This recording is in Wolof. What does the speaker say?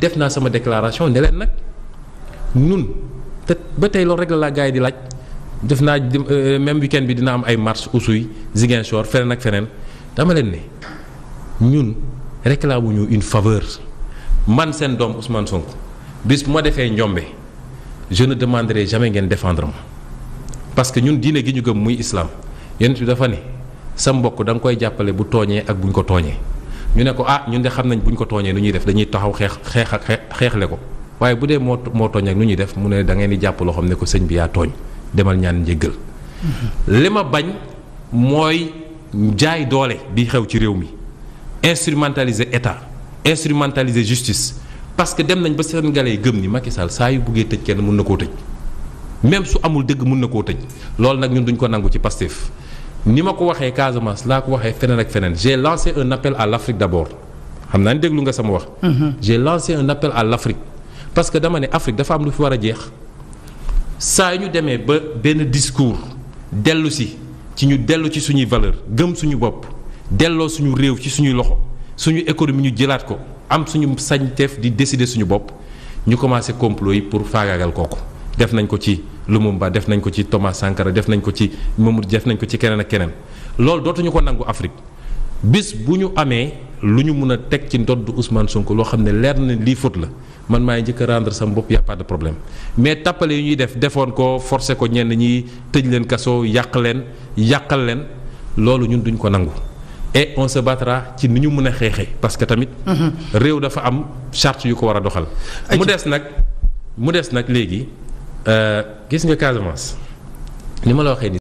def naa sama déclaration ne nag ñun te ba tey loolu rek la laa gars di laaj def naa euh, même weekend bi dina am ay marche Oussouye Ziguinchor feneen ak feneen dama leen ne ñun réclamuñu une faveur man seen doom Ousmane Sonko bis bu ma defee njombe je ne demanderai jamais ngeen défendre ma parce que ñun diine gi ñu gëm muy islam yonent bi dafa ne sa mbokk da koy jàppale bu tooñee ak bu ñu ko tooñee. ñu ne ko ah ñun de xam nañ bu ñu ko tooñee lu ñuy def dañuy taxaw xeex xeex xeexle ko waaye bu dee moo moo tooñ ak lu ñuy def mu ne da ngeen di jàpp loo ne ko sëñ bi yaa tooñ demal ñaan njëggal mm-hmm. li ma bañ mooy jaay doole bi xew ci réew mi instrumentaliser état instrumentaliser justice parce que dem nañ ba Sénégalais yi gëm ni Macky Sall saa yu buggee tëj kenn mun na koo tëj même su amul dëgg mun na koo tëj loolu nag ñun duñ ko nangu ci Pastef ni ma ko waxee Casamance laa ko waxee feneen ak feneen j'ai lancé un appel à l'Afrique d'abord xam naa ni déglu nga sama wax. Mhm. j'ai lancé un appel à l'Afrique parce que dama ne Afrique dafa am lu fi war a jeex saa yu ñu demee ba benn discours dellu si ci ñu dellu ci suñuy valeur gëm suñu bopp delloo suñu réew ci suñuy loxo suñu économie ñu jëlaat ko am suñu sañteef di décider suñu bopp ñu commencé complot yi pour faagaagal kooku. def nañ ko ci Lumumba def nañ ko ci Thomas Sankara def nañ ko ci Mamadou def nañ ko ci keneen ak keneen loolu dootuñu ko nangu Afrique bis bu ñu amee lu ñu mun a teg ci ndodd Ousmane Sonko loo xam ne leer na lii faute la man maay njëkk a rendre sama bopp y a problème mais tappale yu ñuy def defoon ko forcé ko ñenn ñi tëj leen kaso yàq leen yàqal leen loolu ñun duñ ko nangu. et on batra ci ni ñu mën a xeexee parce que tamit. Mhm. réew dafa am charte yu ko war a doxal. mu des nag mu des nag léegi. Euh, gis nga Casamance li ma la waxee ni